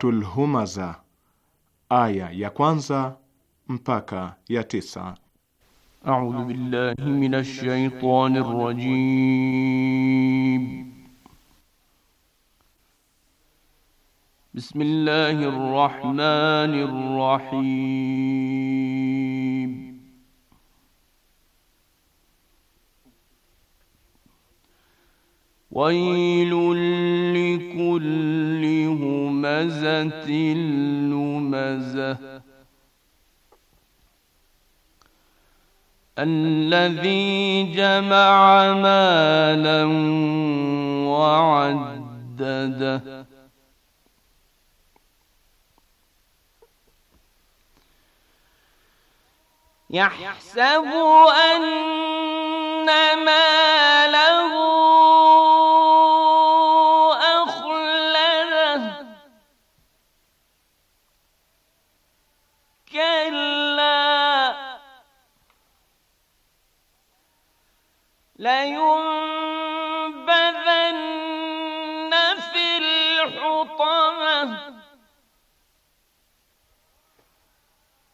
Suratul Humaza aya ya kwanza mpaka ya tisa. A'udhu billahi minash shaitani rajim. Bismillahir rahmanir rahim. Wa اللمزة الذي جمع مالا وعدده يحسب أن ماله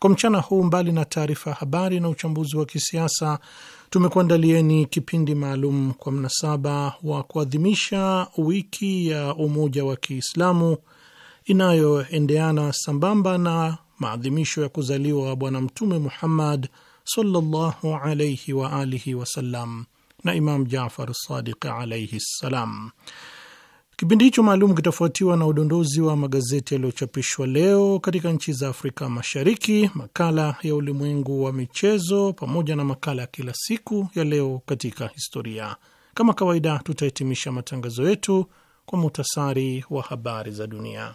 Kwa mchana huu, mbali na taarifa ya habari na uchambuzi wa kisiasa, tumekuandalieni kipindi maalum kwa mnasaba wa kuadhimisha wiki ya umoja wa Kiislamu inayoendeana sambamba na maadhimisho ya kuzaliwa Bwana Mtume Muhammad sallallahu alaihi wa alihi wasallam na Imam Jafar Sadiq alaihi ssalam. Kipindi hicho maalum kitafuatiwa na udondozi wa magazeti yaliyochapishwa leo katika nchi za Afrika Mashariki, makala ya ulimwengu wa michezo, pamoja na makala ya kila siku ya leo katika historia. Kama kawaida, tutahitimisha matangazo yetu kwa muhtasari wa habari za dunia.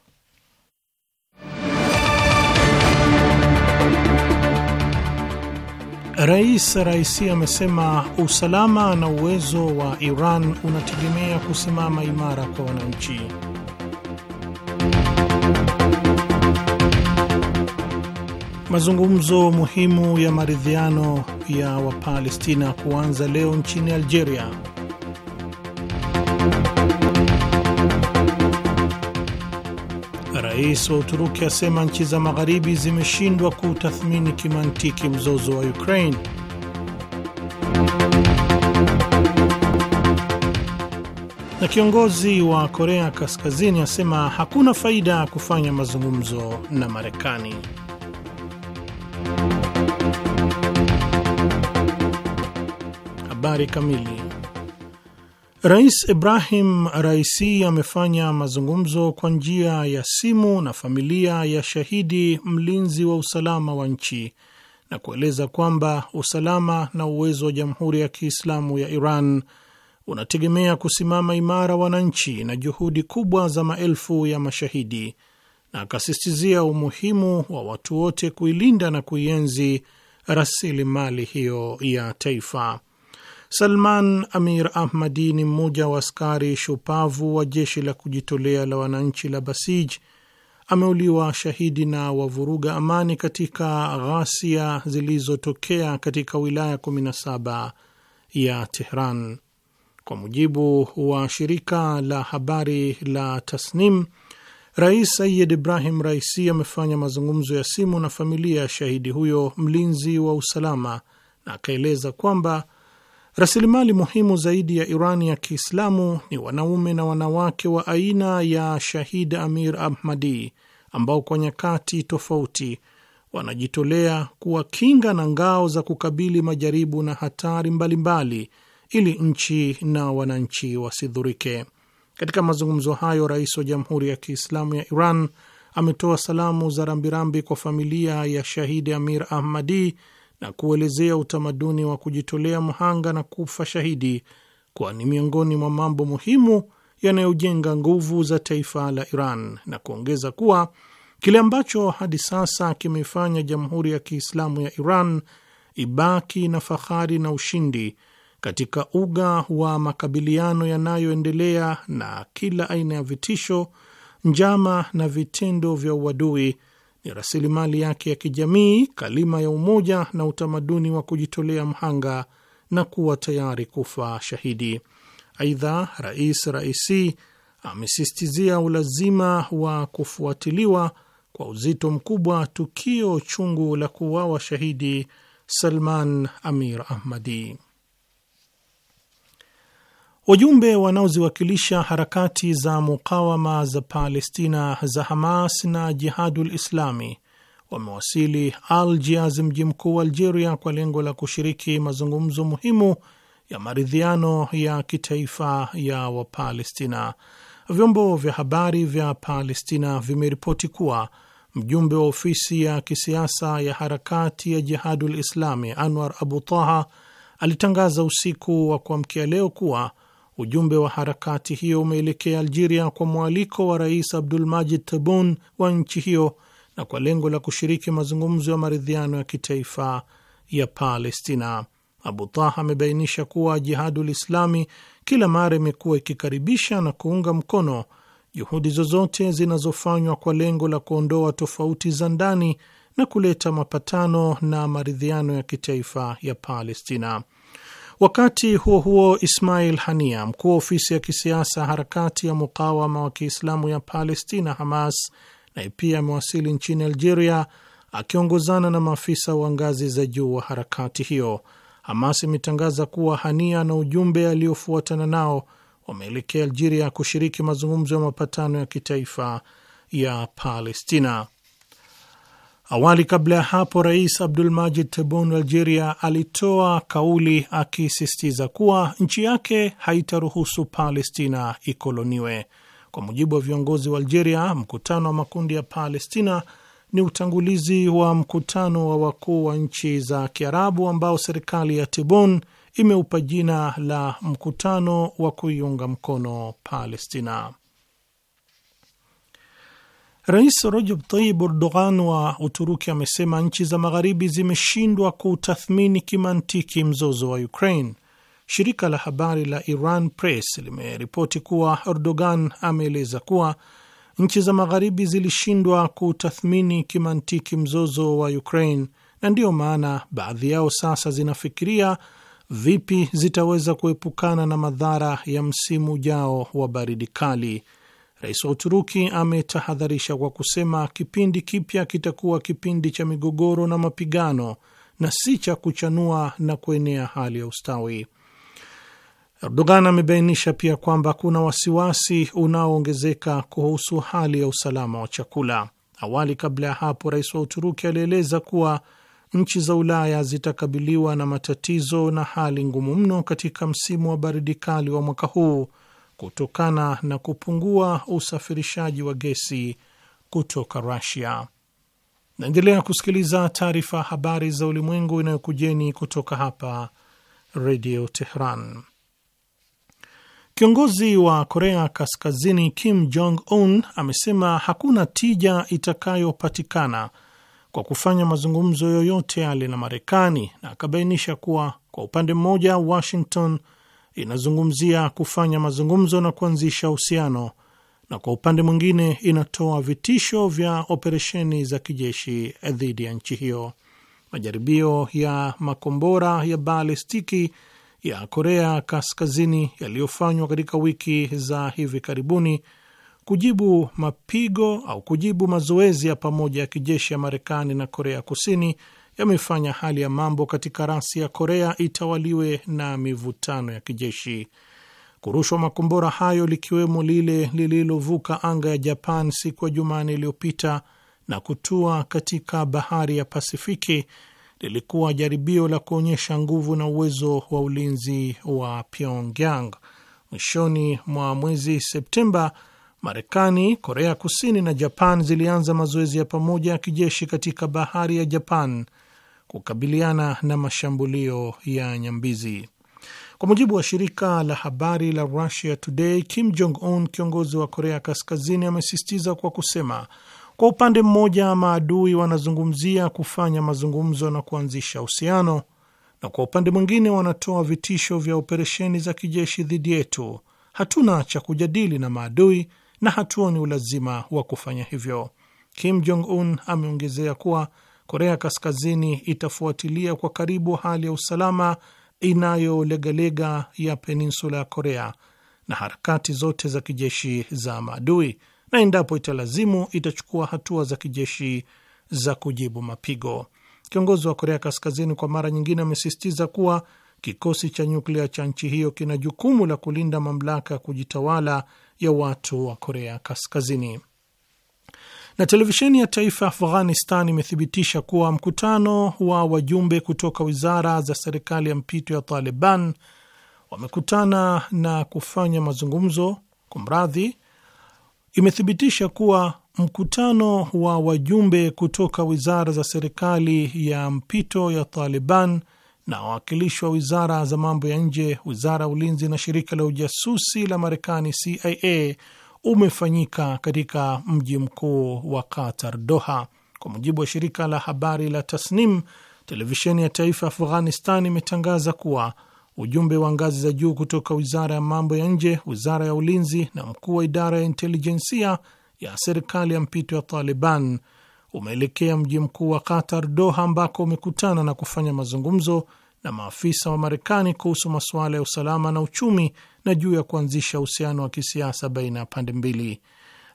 Rais Raisi amesema usalama na uwezo wa Iran unategemea kusimama imara kwa wananchi. Mazungumzo muhimu ya maridhiano ya Wapalestina kuanza leo nchini Algeria. Rais wa Uturuki asema nchi za magharibi zimeshindwa kutathmini kimantiki mzozo wa Ukraine. Na kiongozi wa Korea Kaskazini asema hakuna faida ya kufanya mazungumzo na Marekani. Habari kamili Rais Ibrahim Raisi amefanya mazungumzo kwa njia ya simu na familia ya shahidi mlinzi wa usalama wa nchi na kueleza kwamba usalama na uwezo wa Jamhuri ya Kiislamu ya Iran unategemea kusimama imara wananchi na juhudi kubwa za maelfu ya mashahidi, na akasisitizia umuhimu wa watu wote kuilinda na kuienzi rasilimali hiyo ya taifa. Salman Amir Ahmadi ni mmoja wa askari shupavu wa jeshi la kujitolea la wananchi la Basij. Ameuliwa shahidi na wavuruga amani katika ghasia zilizotokea katika wilaya 17 ya Tehran. Kwa mujibu wa shirika la habari la Tasnim, Rais Sayid Ibrahim Raisi amefanya mazungumzo ya simu na familia ya shahidi huyo, mlinzi wa usalama, na akaeleza kwamba Rasilimali muhimu zaidi ya Iran ya Kiislamu ni wanaume na wanawake wa aina ya Shahid Amir Ahmadi ambao kwa nyakati tofauti wanajitolea kuwa kinga na ngao za kukabili majaribu na hatari mbalimbali ili nchi na wananchi wasidhurike. Katika mazungumzo hayo, rais wa Jamhuri ya Kiislamu ya Iran ametoa salamu za rambirambi kwa familia ya Shahidi Amir Ahmadi na kuelezea utamaduni wa kujitolea mhanga na kufa shahidi kuwa ni miongoni mwa mambo muhimu yanayojenga nguvu za taifa la Iran na kuongeza kuwa kile ambacho hadi sasa kimefanya Jamhuri ya Kiislamu ya Iran ibaki na fahari na ushindi katika uga wa makabiliano yanayoendelea na kila aina ya vitisho, njama na vitendo vya uadui ni rasilimali yake ya kijamii, kalima ya umoja na utamaduni wa kujitolea mhanga na kuwa tayari kufa shahidi. Aidha, Rais Raisi amesistizia ulazima wa kufuatiliwa kwa uzito mkubwa tukio chungu la kuuawa shahidi Salman Amir Ahmadi. Wajumbe wanaoziwakilisha harakati za mukawama za Palestina za Hamas na Jihadul Islami wamewasili Algiers, mji mkuu wa Algeria, kwa lengo la kushiriki mazungumzo muhimu ya maridhiano ya kitaifa ya Wapalestina. Vyombo vya habari vya Palestina vimeripoti kuwa mjumbe wa ofisi ya kisiasa ya harakati ya Jihadul Islami Anwar Abu Taha alitangaza usiku wa kuamkia leo kuwa Ujumbe wa harakati hiyo umeelekea Algeria kwa mwaliko wa Rais abdul majid tabun wa nchi hiyo na kwa lengo la kushiriki mazungumzo ya maridhiano ya kitaifa ya Palestina. Abu Tah amebainisha kuwa Jihadul Islami kila mara imekuwa ikikaribisha na kuunga mkono juhudi zozote zinazofanywa kwa lengo la kuondoa tofauti za ndani na kuleta mapatano na maridhiano ya kitaifa ya Palestina. Wakati huo huo, Ismail Hania, mkuu wa ofisi ya kisiasa harakati ya mukawama wa Kiislamu ya Palestina, Hamas, naye pia amewasili nchini Algeria akiongozana na maafisa wa ngazi za juu wa harakati hiyo. Hamas imetangaza kuwa Hania na ujumbe aliofuatana nao wameelekea Algeria kushiriki mazungumzo ya mapatano ya kitaifa ya Palestina. Awali kabla ya hapo, Rais majid Tebboune wa Algeria alitoa kauli akisisitiza kuwa nchi yake haitaruhusu Palestina ikoloniwe. Kwa mujibu wa viongozi wa Algeria, mkutano wa makundi ya Palestina ni utangulizi wa mkutano wa wakuu wa nchi za Kiarabu ambao serikali ya Tebon imeupa jina la mkutano wa kuiunga mkono Palestina. Rais Recep Tayyip Erdogan wa Uturuki amesema nchi za magharibi zimeshindwa kutathmini kimantiki mzozo wa Ukraine. Shirika la habari la Iran Press limeripoti kuwa Erdogan ameeleza kuwa nchi za magharibi zilishindwa kutathmini kimantiki mzozo wa Ukraine na ndiyo maana baadhi yao sasa zinafikiria vipi zitaweza kuepukana na madhara ya msimu ujao wa baridi kali Rais wa Uturuki ametahadharisha kwa kusema kipindi kipya kitakuwa kipindi cha migogoro na mapigano na si cha kuchanua na kuenea hali ya ustawi. Erdogan amebainisha pia kwamba kuna wasiwasi unaoongezeka kuhusu hali ya usalama wa chakula. Awali, kabla ya hapo, rais wa Uturuki alieleza kuwa nchi za Ulaya zitakabiliwa na matatizo na hali ngumu mno katika msimu wa baridi kali wa mwaka huu kutokana na kupungua usafirishaji wa gesi kutoka rasia Naendelea kusikiliza taarifa ya habari za ulimwengu inayokujeni kutoka hapa Redio Tehran. Kiongozi wa Korea Kaskazini Kim Jong Un amesema hakuna tija itakayopatikana kwa kufanya mazungumzo yoyote yale na Marekani, na akabainisha kuwa kwa upande mmoja Washington inazungumzia kufanya mazungumzo na kuanzisha uhusiano, na kwa upande mwingine inatoa vitisho vya operesheni za kijeshi dhidi ya nchi hiyo. Majaribio ya makombora ya balistiki ya Korea Kaskazini yaliyofanywa katika wiki za hivi karibuni kujibu mapigo au kujibu mazoezi ya pamoja ya kijeshi ya Marekani na Korea Kusini yamefanya hali ya mambo katika rasi ya Korea itawaliwe na mivutano ya kijeshi. Kurushwa makombora hayo likiwemo lile lililovuka anga ya Japan siku ya Jumane iliyopita na kutua katika bahari ya Pasifiki lilikuwa jaribio la kuonyesha nguvu na uwezo wa ulinzi wa Pyongyang. Mwishoni mwa mwezi Septemba, Marekani, Korea Kusini na Japan zilianza mazoezi ya pamoja ya kijeshi katika bahari ya Japan kukabiliana na mashambulio ya nyambizi. Kwa mujibu wa shirika la habari la Russia Today, Kim Jong Un, kiongozi wa Korea Kaskazini, amesisitiza kwa kusema, kwa upande mmoja maadui wanazungumzia kufanya mazungumzo na kuanzisha uhusiano, na kwa upande mwingine wanatoa vitisho vya operesheni za kijeshi dhidi yetu. Hatuna cha kujadili na maadui na hatuoni ulazima wa kufanya hivyo. Kim Jong Un ameongezea kuwa Korea Kaskazini itafuatilia kwa karibu hali ya usalama inayolegalega ya peninsula ya Korea na harakati zote za kijeshi za maadui, na endapo italazimu, itachukua hatua za kijeshi za kujibu mapigo. Kiongozi wa Korea Kaskazini kwa mara nyingine amesisitiza kuwa kikosi cha nyuklia cha nchi hiyo kina jukumu la kulinda mamlaka ya kujitawala ya watu wa Korea Kaskazini. Na televisheni ya taifa ya Afghanistan imethibitisha kuwa mkutano wa wajumbe kutoka wizara za serikali ya mpito ya Taliban wamekutana na kufanya mazungumzo. Kumradhi, imethibitisha kuwa mkutano wa wajumbe kutoka wizara za serikali ya mpito ya Taliban na wawakilishi wa wizara za mambo ya nje, wizara ya ulinzi na shirika la ujasusi la Marekani CIA umefanyika katika mji mkuu wa Qatar, Doha. Kwa mujibu wa shirika la habari la Tasnim, televisheni ya taifa ya Afghanistan imetangaza kuwa ujumbe wa ngazi za juu kutoka wizara ya mambo ya nje, wizara ya ulinzi na mkuu wa idara ya intelijensia ya serikali ya mpito ya Taliban umeelekea mji mkuu wa Qatar, Doha, ambako umekutana na kufanya mazungumzo na maafisa wa Marekani kuhusu masuala ya usalama na uchumi na juu ya kuanzisha uhusiano wa kisiasa baina ya pande mbili.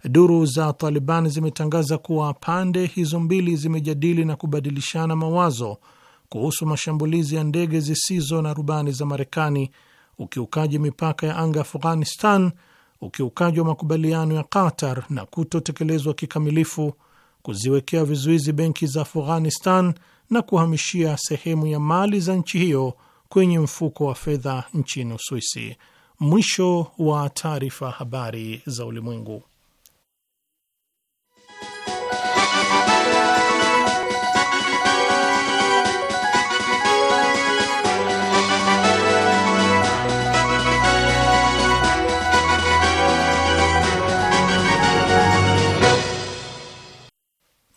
Duru za Taliban zimetangaza kuwa pande hizo mbili zimejadili na kubadilishana mawazo kuhusu mashambulizi ya ndege zisizo na rubani za Marekani, ukiukaji mipaka ya anga Afghanistan, ukiukaji wa makubaliano ya Qatar na kutotekelezwa kikamilifu, kuziwekea vizuizi benki za Afghanistan na kuhamishia sehemu ya mali za nchi hiyo kwenye mfuko wa fedha nchini Uswisi. Mwisho wa taarifa. Habari za Ulimwengu.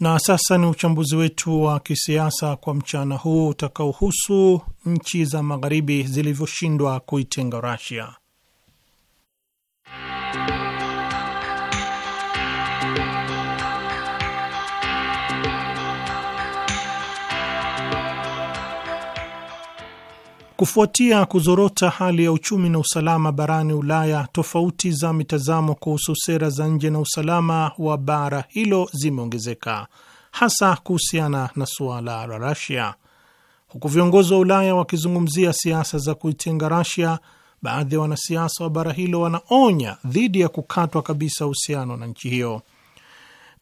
Na sasa ni uchambuzi wetu wa kisiasa kwa mchana huu utakaohusu nchi za magharibi zilivyoshindwa kuitenga Russia. Kufuatia kuzorota hali ya uchumi na usalama barani Ulaya, tofauti za mitazamo kuhusu sera za nje na usalama wa bara hilo zimeongezeka, hasa kuhusiana na suala la Rasia. Huku viongozi wa Ulaya wakizungumzia siasa za kuitenga Rasia, baadhi ya wanasiasa wa bara hilo wanaonya dhidi ya kukatwa kabisa uhusiano na nchi hiyo.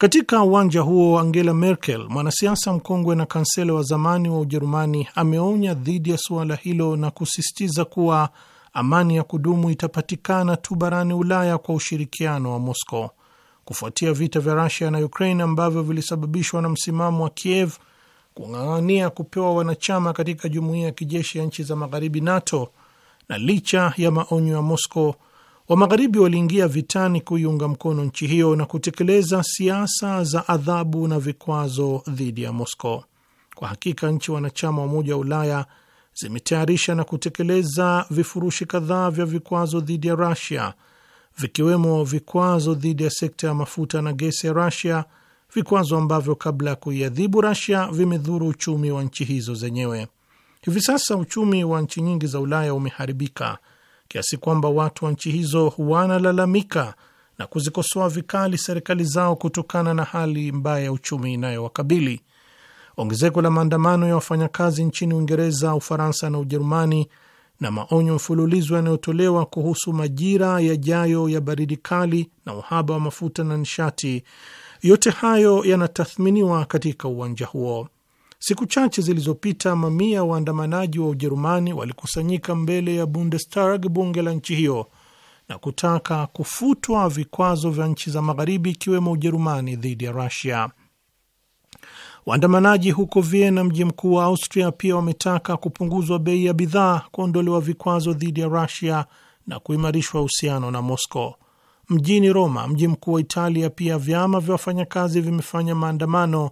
Katika uwanja huo, Angela Merkel, mwanasiasa mkongwe na kansela wa zamani wa Ujerumani, ameonya dhidi ya suala hilo na kusisitiza kuwa amani ya kudumu itapatikana tu barani Ulaya kwa ushirikiano wa Moscow. Kufuatia vita vya Rusia na Ukraine ambavyo vilisababishwa na msimamo wa Kiev kung'ang'ania kupewa wanachama katika jumuiya ya kijeshi ya nchi za magharibi NATO, na licha ya maonyo ya Moscow, wa Magharibi waliingia vitani kuiunga mkono nchi hiyo na kutekeleza siasa za adhabu na vikwazo dhidi ya Moscow. Kwa hakika nchi wanachama wa Umoja wa Ulaya zimetayarisha na kutekeleza vifurushi kadhaa vya vikwazo dhidi ya Rusia, vikiwemo vikwazo dhidi ya sekta ya mafuta na gesi ya Rusia, vikwazo ambavyo kabla ya kuiadhibu Rusia vimedhuru uchumi wa nchi hizo zenyewe. Hivi sasa uchumi wa nchi nyingi za Ulaya umeharibika kiasi kwamba watu wa nchi hizo wanalalamika na kuzikosoa vikali serikali zao kutokana na hali mbaya ya uchumi inayowakabili. Ongezeko la maandamano ya wafanyakazi nchini Uingereza, Ufaransa na Ujerumani na maonyo mfululizo yanayotolewa kuhusu majira yajayo ya baridi kali na uhaba wa mafuta na nishati, yote hayo yanatathminiwa katika uwanja huo. Siku chache zilizopita mamia waandamanaji wa Ujerumani walikusanyika mbele ya Bundestag, bunge la nchi hiyo, na kutaka kufutwa vikwazo vya nchi za magharibi ikiwemo Ujerumani dhidi ya Rusia. Waandamanaji huko Vienna, mji mkuu wa Austria, pia wametaka kupunguzwa bei ya bidhaa, kuondolewa vikwazo dhidi ya Rusia na kuimarishwa uhusiano na Moscow. Mjini Roma, mji mkuu wa Italia, pia vyama vya wafanyakazi vimefanya maandamano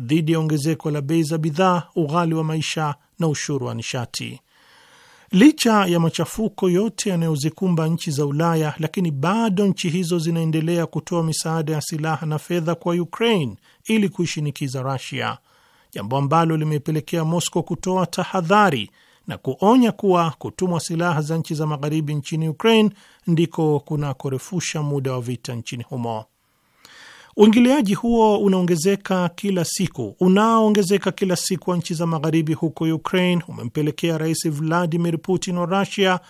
dhidi ya ongezeko la bei za bidhaa, ughali wa maisha na ushuru wa nishati. Licha ya machafuko yote yanayozikumba nchi za Ulaya, lakini bado nchi hizo zinaendelea kutoa misaada ya silaha na fedha kwa Ukraine ili kuishinikiza rasia jambo ambalo limepelekea Moscow kutoa tahadhari na kuonya kuwa kutumwa silaha za nchi za magharibi nchini Ukraine ndiko kunakorefusha muda wa vita nchini humo. Uingiliaji huo unaongezeka kila siku, unaoongezeka kila siku wa nchi za magharibi huko Ukraine umempelekea Rais Vladimir Putin wa Rusia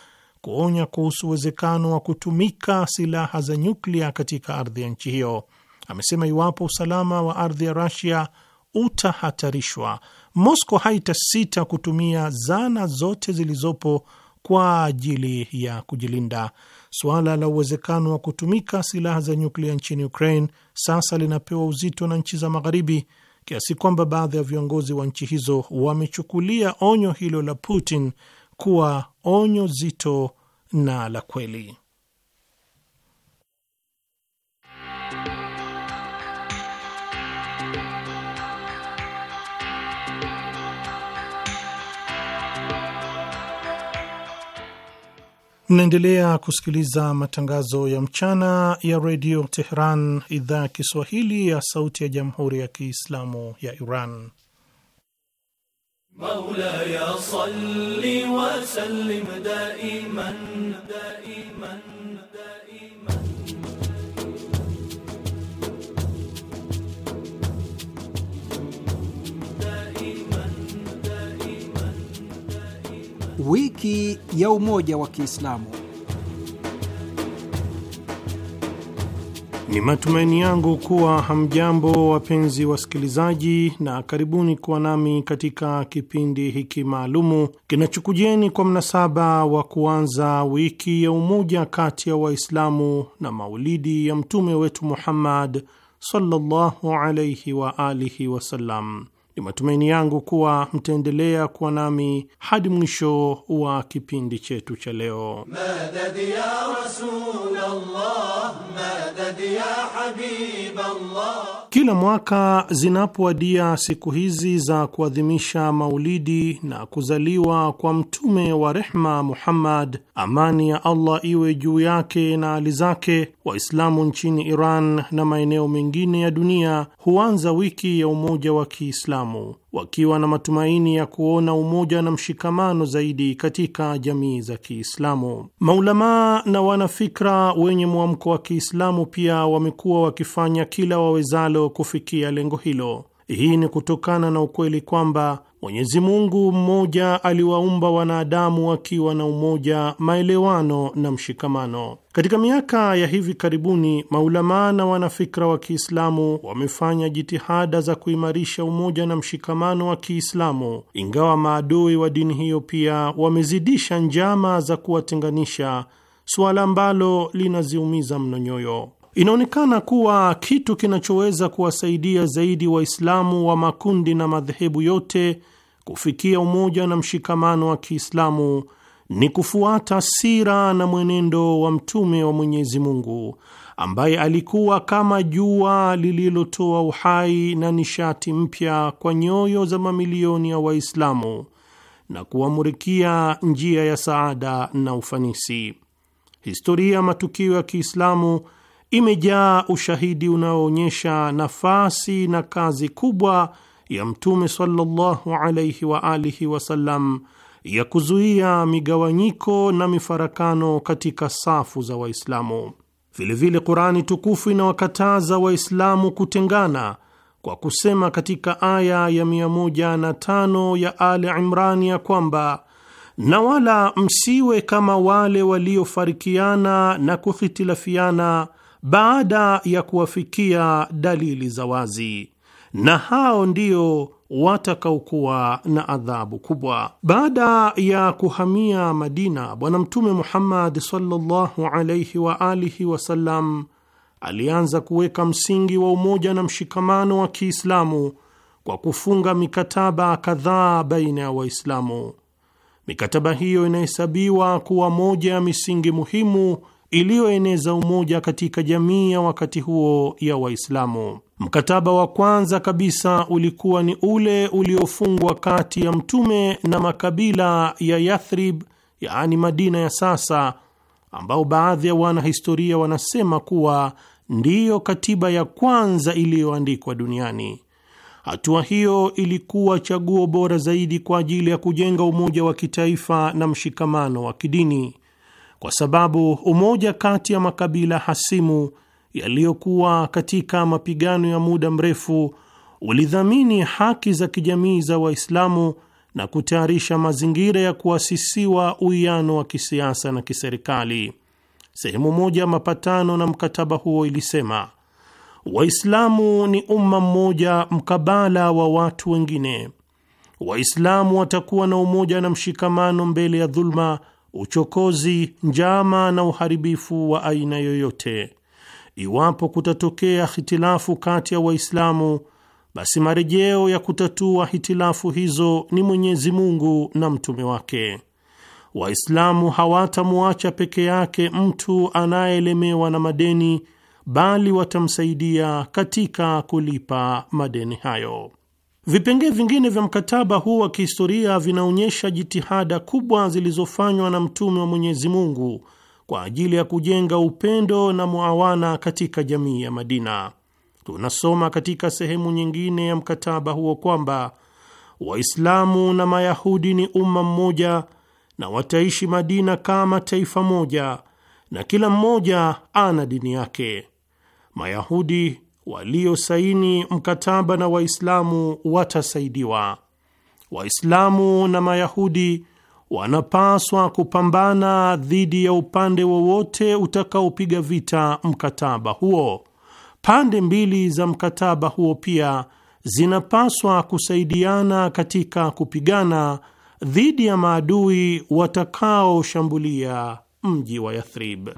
kuonya kuhusu uwezekano wa kutumika silaha za nyuklia katika ardhi ya nchi hiyo. Amesema iwapo usalama wa ardhi ya rasia utahatarishwa, Moscow haitasita kutumia zana zote zilizopo kwa ajili ya kujilinda suala la uwezekano wa kutumika silaha za nyuklia nchini Ukraine sasa linapewa uzito na nchi za Magharibi, kiasi kwamba baadhi ya viongozi wa nchi hizo wamechukulia onyo hilo la Putin kuwa onyo zito na la kweli. Mnaendelea kusikiliza matangazo ya mchana ya redio Tehran, idhaa ya Kiswahili ya sauti ya jamhuri ya kiislamu ya Iran. salli wa sallim daiman, daiman, daiman. Wiki ya Umoja wa Kiislamu. Ni matumaini yangu kuwa hamjambo wapenzi wasikilizaji, na karibuni kuwa nami katika kipindi hiki maalumu kinachokujieni kwa mnasaba wa kuanza wiki ya umoja kati ya Waislamu na maulidi ya mtume wetu Muhammad sallallahu alaihi wa alihi wasallam ni matumaini yangu kuwa mtaendelea kuwa nami hadi mwisho wa kipindi chetu cha leo. Habiballah. Kila mwaka zinapoadia siku hizi za kuadhimisha maulidi na kuzaliwa kwa mtume wa rehma Muhammad, amani ya Allah iwe juu yake na ali zake, Waislamu nchini Iran na maeneo mengine ya dunia huanza wiki ya umoja wa Kiislamu wakiwa na matumaini ya kuona umoja na mshikamano zaidi katika jamii za Kiislamu. Maulamaa na wanafikra wenye mwamko wa Kiislamu pia wamekuwa wakifanya kila wawezalo kufikia lengo hilo. Hii ni kutokana na ukweli kwamba Mwenyezi Mungu mmoja aliwaumba wanadamu wakiwa na umoja, maelewano na mshikamano. Katika miaka ya hivi karibuni, maulamaa na wanafikra wa Kiislamu wamefanya jitihada za kuimarisha umoja na mshikamano wa Kiislamu, ingawa maadui wa dini hiyo pia wamezidisha njama za kuwatenganisha, suala ambalo linaziumiza mno nyoyo. Inaonekana kuwa kitu kinachoweza kuwasaidia zaidi Waislamu wa makundi na madhehebu yote Kufikia umoja na mshikamano wa Kiislamu ni kufuata sira na mwenendo wa Mtume wa Mwenyezi Mungu ambaye alikuwa kama jua lililotoa uhai na nishati mpya kwa nyoyo za mamilioni ya Waislamu na kuwamurikia njia ya saada na ufanisi. Historia ya matukio ya Kiislamu imejaa ushahidi unaoonyesha nafasi na kazi kubwa ya Mtume sallallahu alayhi wa alihi wasallam ya kuzuia migawanyiko na mifarakano katika safu za Waislamu. Vilevile, Qurani tukufu inawakataza Waislamu kutengana kwa kusema katika aya ya 105 ya Ali imran ya kwamba na wala msiwe kama wale waliofarikiana na kuhitilafiana baada ya kuwafikia dalili za wazi na hao ndio watakaokuwa na adhabu kubwa. Baada ya kuhamia Madina, Bwana Mtume Muhammad sallallahu alaihi wa alihi wasallam alianza kuweka msingi wa umoja na mshikamano wa Kiislamu kwa kufunga mikataba kadhaa baina ya Waislamu. Mikataba hiyo inahesabiwa kuwa moja ya misingi muhimu iliyoeneza umoja katika jamii ya wakati huo ya Waislamu. Mkataba wa kwanza kabisa ulikuwa ni ule uliofungwa kati ya mtume na makabila ya Yathrib, yaani Madina ya sasa, ambao baadhi ya wanahistoria wanasema kuwa ndiyo katiba ya kwanza iliyoandikwa duniani. Hatua hiyo ilikuwa chaguo bora zaidi kwa ajili ya kujenga umoja wa kitaifa na mshikamano wa kidini, kwa sababu umoja kati ya makabila hasimu yaliyokuwa katika mapigano ya muda mrefu ulidhamini haki za kijamii za Waislamu na kutayarisha mazingira ya kuasisiwa uwiano wa kisiasa na kiserikali. Sehemu moja ya mapatano na mkataba huo ilisema, Waislamu ni umma mmoja mkabala wa watu wengine. Waislamu watakuwa na umoja na mshikamano mbele ya dhuluma, uchokozi, njama na uharibifu wa aina yoyote. Iwapo kutatokea hitilafu kati ya Waislamu, basi marejeo ya kutatua hitilafu hizo ni Mwenyezi Mungu na mtume wake. Waislamu hawatamwacha peke yake mtu anayeelemewa na madeni, bali watamsaidia katika kulipa madeni hayo. Vipengee vingine vya mkataba huu wa kihistoria vinaonyesha jitihada kubwa zilizofanywa na mtume wa Mwenyezi Mungu kwa ajili ya kujenga upendo na muawana katika jamii ya Madina. Tunasoma katika sehemu nyingine ya mkataba huo kwamba Waislamu na Mayahudi ni umma mmoja na wataishi Madina kama taifa moja, na kila mmoja ana dini yake. Mayahudi waliosaini mkataba na Waislamu watasaidiwa. Waislamu na Mayahudi wanapaswa kupambana dhidi ya upande wowote utakaopiga vita mkataba huo. Pande mbili za mkataba huo pia zinapaswa kusaidiana katika kupigana dhidi ya maadui watakaoshambulia mji wa Yathrib.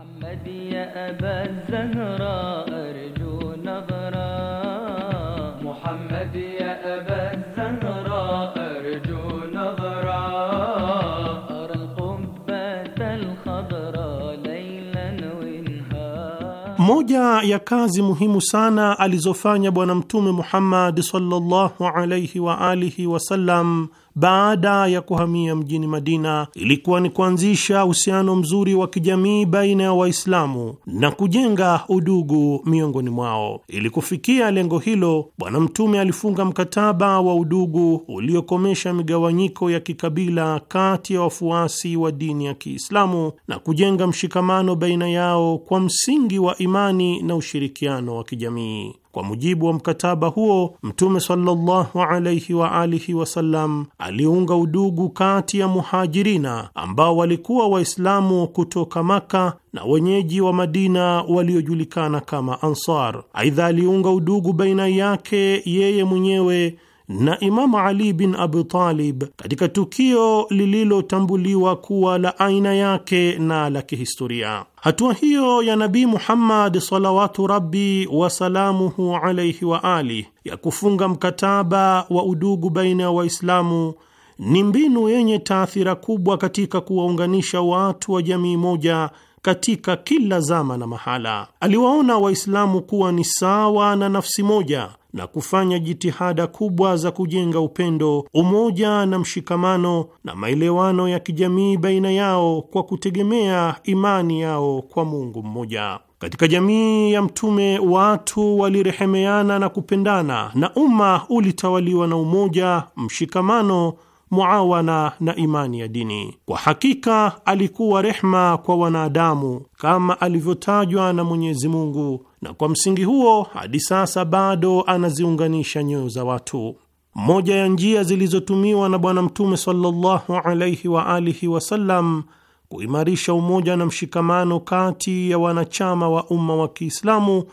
Moja ya kazi muhimu sana alizofanya Bwana Mtume Muhammad sallallahu alayhi wa alihi wasallam baada ya kuhamia mjini Madina ilikuwa ni kuanzisha uhusiano mzuri wa kijamii baina ya Waislamu na kujenga udugu miongoni mwao. Ili kufikia lengo hilo, Bwana Mtume alifunga mkataba wa udugu uliokomesha migawanyiko ya kikabila kati ya wafuasi wa dini ya Kiislamu na kujenga mshikamano baina yao kwa msingi wa imani na ushirikiano wa kijamii. Kwa mujibu wa mkataba huo, Mtume sallallahu alayhi wa alihi wasallam aliunga udugu kati ya Muhajirina ambao walikuwa Waislamu kutoka Maka na wenyeji wa Madina waliojulikana kama Ansar. Aidha, aliunga udugu baina yake yeye mwenyewe na Imamu Ali bin Abi Talib katika tukio lililotambuliwa kuwa la aina yake na la kihistoria. Hatua hiyo ya nabi Muhammad salawatu rabbi wasalamuhu alaihi wa ali ya kufunga mkataba wa udugu baina ya Waislamu ni mbinu yenye taathira kubwa katika kuwaunganisha watu wa jamii moja katika kila zama na mahala. Aliwaona Waislamu kuwa ni sawa na nafsi moja na kufanya jitihada kubwa za kujenga upendo, umoja na mshikamano na maelewano ya kijamii baina yao kwa kutegemea imani yao kwa Mungu mmoja. Katika jamii ya Mtume watu walirehemeana na kupendana, na umma ulitawaliwa na umoja, mshikamano, muawana na imani ya dini. Kwa hakika alikuwa rehma kwa wanadamu kama alivyotajwa na Mwenyezi Mungu na kwa msingi huo hadi sasa bado anaziunganisha nyoyo za watu. Moja ya njia zilizotumiwa na Bwana Mtume sallallahu alaihi wa alihi wasallam kuimarisha umoja na mshikamano kati ya wanachama wa umma wa Kiislamu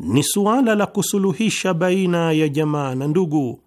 ni suala la kusuluhisha baina ya jamaa na ndugu.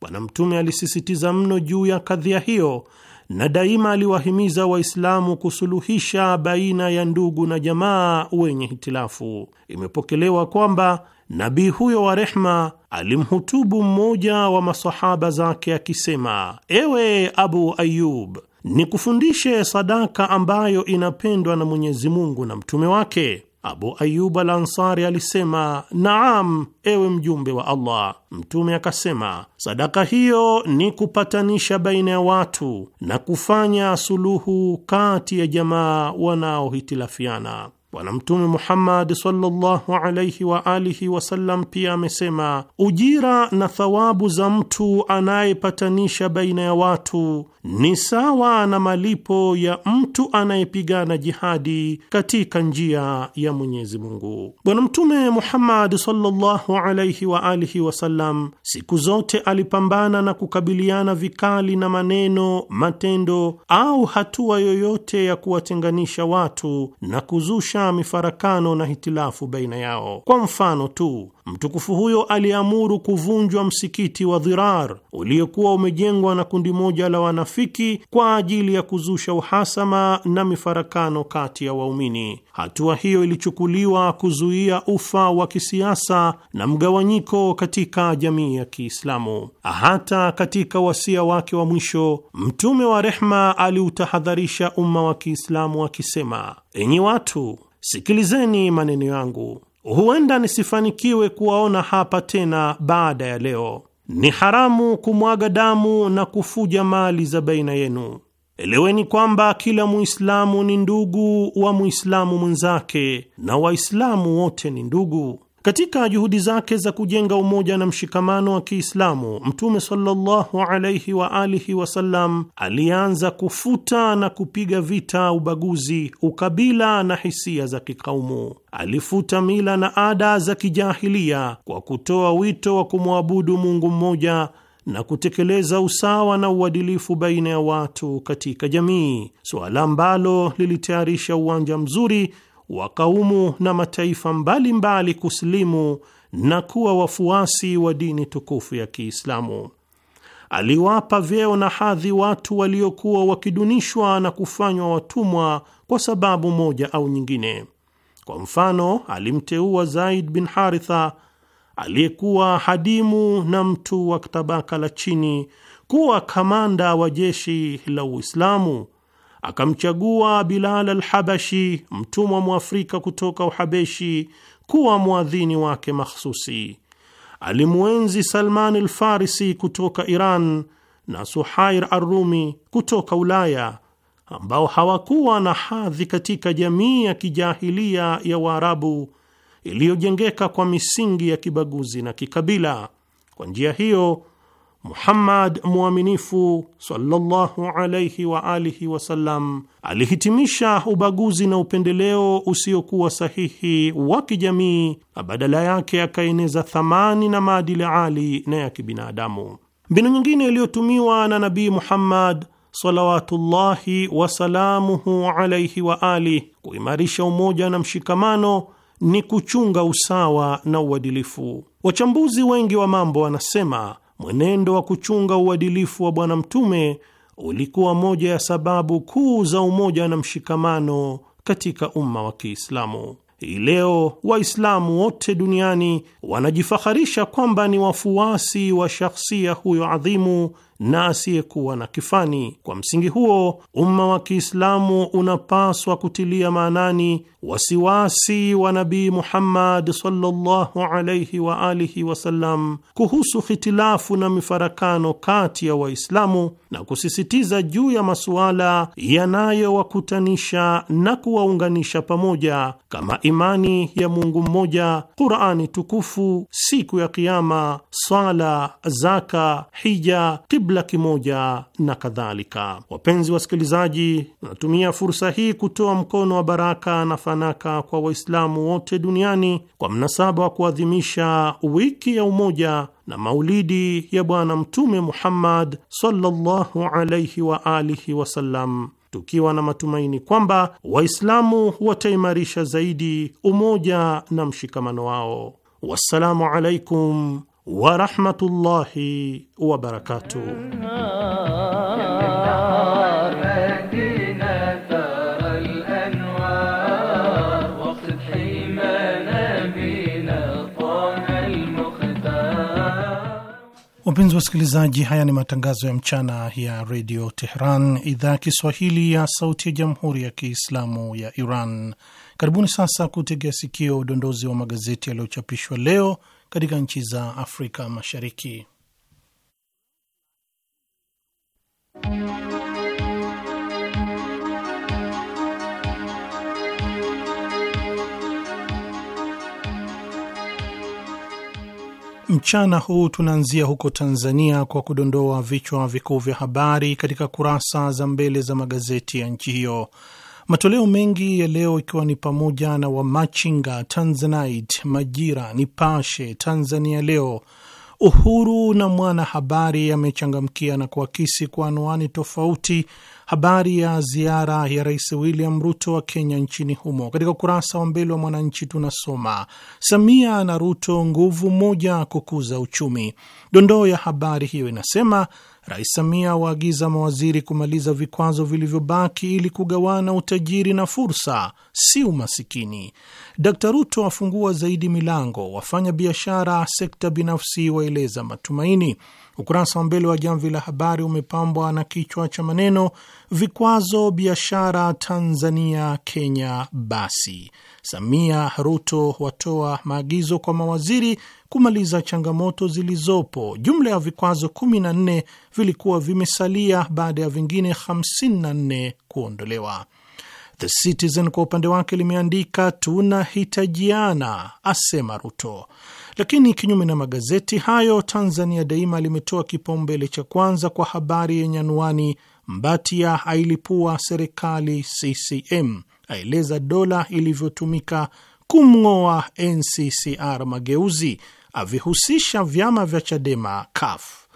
Bwana Mtume alisisitiza mno juu ya kadhia hiyo na daima aliwahimiza Waislamu kusuluhisha baina ya ndugu na jamaa wenye hitilafu. Imepokelewa kwamba nabii huyo wa rehma alimhutubu mmoja wa masahaba zake akisema, ewe Abu Ayub, nikufundishe sadaka ambayo inapendwa na Mwenyezi Mungu na mtume wake Abu Ayub al Ansari alisema, naam, ewe mjumbe wa Allah. Mtume akasema, sadaka hiyo ni kupatanisha baina ya watu na kufanya suluhu kati ya jamaa wanaohitilafiana. Bwana Mtume Muhammad sallallahu alayhi wa alihi wasallam pia amesema, ujira na thawabu za mtu anayepatanisha baina ya watu ni sawa na malipo ya mtu anayepigana jihadi katika njia ya Mwenyezi Mungu. Bwana Mtume Muhammad sallallahu alayhi wa alihi wasallam siku zote alipambana na kukabiliana vikali na maneno, matendo au hatua yoyote ya kuwatenganisha watu na kuzusha mifarakano na hitilafu baina yao. Kwa mfano tu, mtukufu huyo aliamuru kuvunjwa msikiti wa Dhirar uliokuwa umejengwa na kundi moja la wanafiki kwa ajili ya kuzusha uhasama na mifarakano kati ya waumini. Hatua hiyo ilichukuliwa kuzuia ufa wa kisiasa na mgawanyiko katika jamii ya Kiislamu. Hata katika wasia wake wa mwisho, mtume wa rehma aliutahadharisha umma wa Kiislamu akisema: enyi watu Sikilizeni maneno yangu, huenda nisifanikiwe kuwaona hapa tena baada ya leo. Ni haramu kumwaga damu na kufuja mali za baina yenu. Eleweni kwamba kila Muislamu ni ndugu wa Muislamu mwenzake na Waislamu wote ni ndugu. Katika juhudi zake za kujenga umoja na mshikamano wa Kiislamu, Mtume sallallahu alaihi wa alihi wasallam alianza kufuta na kupiga vita ubaguzi, ukabila na hisia za kikaumu. Alifuta mila na ada za kijahilia kwa kutoa wito wa kumwabudu Mungu mmoja na kutekeleza usawa na uadilifu baina ya watu katika jamii, suala ambalo lilitayarisha uwanja mzuri wa kaumu na mataifa mbalimbali mbali kusilimu na kuwa wafuasi wa dini tukufu ya Kiislamu. Aliwapa vyeo na hadhi watu waliokuwa wakidunishwa na kufanywa watumwa kwa sababu moja au nyingine. Kwa mfano, alimteua Zaid bin Haritha aliyekuwa hadimu na mtu wa tabaka la chini kuwa kamanda wa jeshi la Uislamu akamchagua Bilal al-Habashi, mtumwa Mwafrika kutoka Uhabeshi, kuwa mwadhini wake mahsusi. Alimwenzi Salman al-Farisi kutoka Iran na Suhair Arrumi kutoka Ulaya, ambao hawakuwa na hadhi katika jamii ya kijahilia ya Waarabu iliyojengeka kwa misingi ya kibaguzi na kikabila. Kwa njia hiyo Muhammad mwaminifu sallallahu alayhi wa alihi alihitimisha ubaguzi na upendeleo usiokuwa sahihi wa kijamii na badala yake akaeneza thamani na maadili ali na ya kibinadamu. Mbinu nyingine iliyotumiwa na Nabii Muhammad salawatullahi wasalamuhu alayhi wa ali kuimarisha umoja na mshikamano ni kuchunga usawa na uadilifu. Wachambuzi wengi wa mambo wanasema mwenendo wa kuchunga uadilifu wa Bwana Mtume ulikuwa moja ya sababu kuu za umoja na mshikamano katika umma wa Kiislamu. Hii leo Waislamu wote duniani wanajifaharisha kwamba ni wafuasi wa shakhsia huyo adhimu na asiyekuwa na kifani. Kwa msingi huo, umma wa Kiislamu unapaswa kutilia maanani wasiwasi wa Nabii Muhammad sallallahu alayhi wa alihi wasallam kuhusu hitilafu na mifarakano kati ya Waislamu na kusisitiza juu ya masuala yanayowakutanisha na kuwaunganisha pamoja kama imani ya Mungu mmoja, Qur'ani tukufu, siku ya Kiyama, sala, zaka, hija, kibla kimoja na kadhalika. Wapenzi wasikilizaji, natumia fursa hii kutoa mkono wa baraka na fanaka kwa Waislamu wote duniani kwa mnasaba wa kuadhimisha wiki ya umoja na maulidi ya Bwana Mtume Muhammad sallallahu alaihi wa alihi wasallam, tukiwa na matumaini kwamba Waislamu wataimarisha zaidi umoja na mshikamano wao. Wassalamu alaikum warahmatullahi wabarakatuh. Wapenzi wasikilizaji, haya ni matangazo ya mchana ya redio Tehran, idhaa ya Kiswahili ya sauti ya jamhuri ya kiislamu ya Iran. Karibuni sasa kutegea sikio udondozi wa magazeti yaliyochapishwa leo katika nchi za Afrika Mashariki. Mchana huu tunaanzia huko Tanzania kwa kudondoa vichwa vikuu vya habari katika kurasa za mbele za magazeti ya nchi hiyo. Matoleo mengi ya leo ikiwa ni pamoja na Wamachinga, Tanzanite, Majira, Nipashe, Tanzania Leo, Uhuru na Mwanahabari yamechangamkia na kuakisi kwa anwani tofauti habari ya ziara ya Rais William Ruto wa Kenya nchini humo. Katika ukurasa wa mbele wa Mwananchi tunasoma Samia na Ruto, nguvu moja kukuza uchumi. Dondoo ya habari hiyo inasema Rais Samia waagiza mawaziri kumaliza vikwazo vilivyobaki ili kugawana utajiri na fursa, si umasikini. Dkt Ruto afungua zaidi milango, wafanya biashara sekta binafsi waeleza matumaini. Ukurasa wa mbele wa Jamvi la Habari umepambwa na kichwa cha maneno vikwazo biashara Tanzania Kenya. Basi Samia Ruto watoa maagizo kwa mawaziri kumaliza changamoto zilizopo. Jumla ya vikwazo 14 vilikuwa vimesalia baada ya vingine 54 kuondolewa. The Citizen kwa upande wake limeandika tunahitajiana, asema Ruto. Lakini kinyume na magazeti hayo, Tanzania Daima limetoa kipaumbele cha kwanza kwa habari yenye anuani Mbatia ailipua serikali CCM, aeleza dola ilivyotumika kumng'oa NCCR Mageuzi, avihusisha vyama vya Chadema CUF.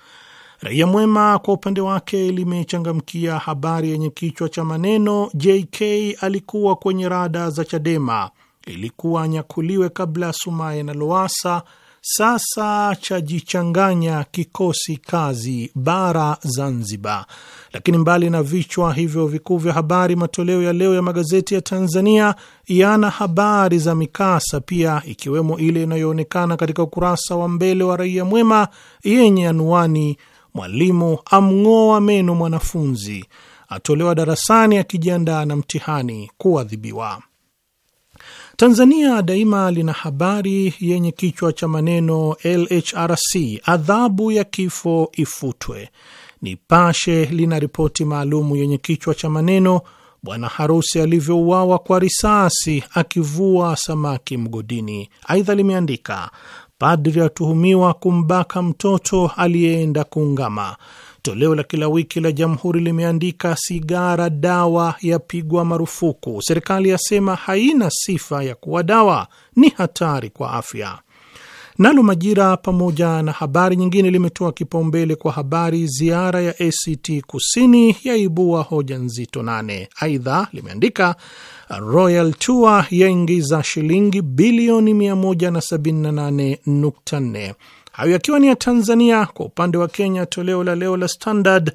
Raia Mwema kwa upande wake limechangamkia habari yenye kichwa cha maneno JK alikuwa kwenye rada za Chadema ilikuwa anyakuliwe kabla ya Sumaye na Loasa sasa chajichanganya kikosi kazi bara Zanzibar. Lakini mbali na vichwa hivyo vikuu vya habari, matoleo ya leo ya magazeti ya Tanzania yana habari za mikasa pia, ikiwemo ile inayoonekana katika ukurasa wa mbele wa Raia Mwema yenye anuani mwalimu amng'oa meno mwanafunzi, atolewa darasani akijiandaa na mtihani kuadhibiwa. Tanzania Daima lina habari yenye kichwa cha maneno LHRC adhabu ya kifo ifutwe. Nipashe lina ripoti maalumu yenye kichwa cha maneno bwana harusi alivyouawa kwa risasi akivua samaki mgodini. Aidha limeandika padri atuhumiwa kumbaka mtoto aliyeenda kuungama. Toleo la kila wiki la Jamhuri limeandika sigara dawa yapigwa marufuku, serikali yasema haina sifa ya kuwa dawa, ni hatari kwa afya. Nalo Majira pamoja na habari nyingine limetoa kipaumbele kwa habari ziara ya ACT Kusini yaibua hoja nzito nane. Aidha limeandika Royal Tour yaingiza shilingi bilioni 178.4 Hayo yakiwa ni ya Tanzania. Kwa upande wa Kenya, toleo la leo la Standard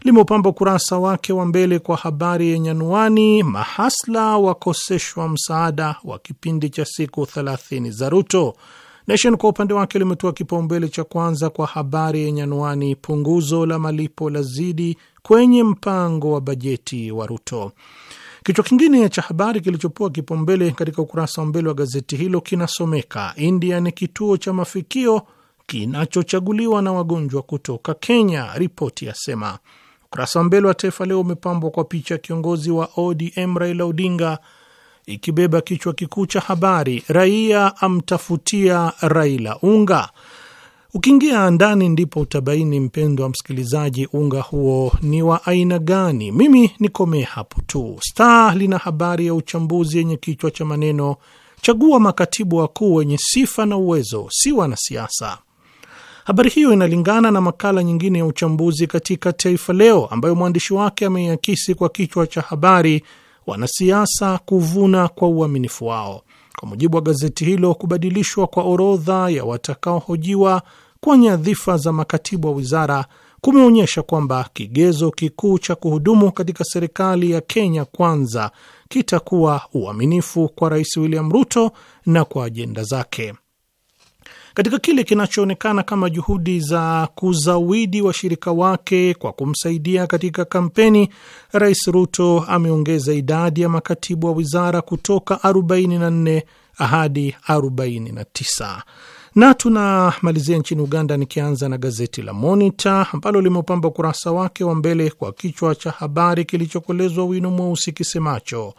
limeupamba ukurasa wake wa mbele kwa habari yenye anuani mahasla wakoseshwa msaada wa kipindi cha siku 30 za Ruto. Nation kwa upande wake limetoa kipaumbele cha kwanza kwa habari yenye anuani punguzo la malipo la zidi kwenye mpango wa bajeti wa Ruto. Kichwa kingine cha habari kilichopewa kipaumbele katika ukurasa wa mbele wa gazeti hilo kinasomeka India ni kituo cha mafikio kinachochaguliwa na wagonjwa kutoka Kenya, ripoti yasema. Ukurasa wa mbele wa Taifa Leo umepambwa kwa picha ya kiongozi wa ODM Raila Odinga ikibeba kichwa kikuu cha habari, raia amtafutia Raila unga. Ukiingia ndani ndipo utabaini, mpendo wa msikilizaji, unga huo ni wa aina gani. Mimi nikomee hapo tu. Star lina habari ya uchambuzi yenye kichwa cha maneno, chagua makatibu wakuu wenye sifa na uwezo, si wanasiasa. Habari hiyo inalingana na makala nyingine ya uchambuzi katika Taifa Leo ambayo mwandishi wake ameiakisi kwa kichwa cha habari, wanasiasa kuvuna kwa uaminifu wao. Kwa mujibu wa gazeti hilo, kubadilishwa kwa orodha ya watakaohojiwa kwa nyadhifa za makatibu wa wizara kumeonyesha kwamba kigezo kikuu cha kuhudumu katika serikali ya Kenya kwanza kitakuwa uaminifu kwa Rais William Ruto na kwa ajenda zake katika kile kinachoonekana kama juhudi za kuzawidi washirika wake kwa kumsaidia katika kampeni. Rais Ruto ameongeza idadi ya makatibu wa wizara kutoka 44 hadi 49. Na tunamalizia nchini Uganda, nikianza na gazeti la Monitor ambalo limeupamba ukurasa wake wa mbele kwa kichwa cha habari kilichokolezwa wino mweusi kisemacho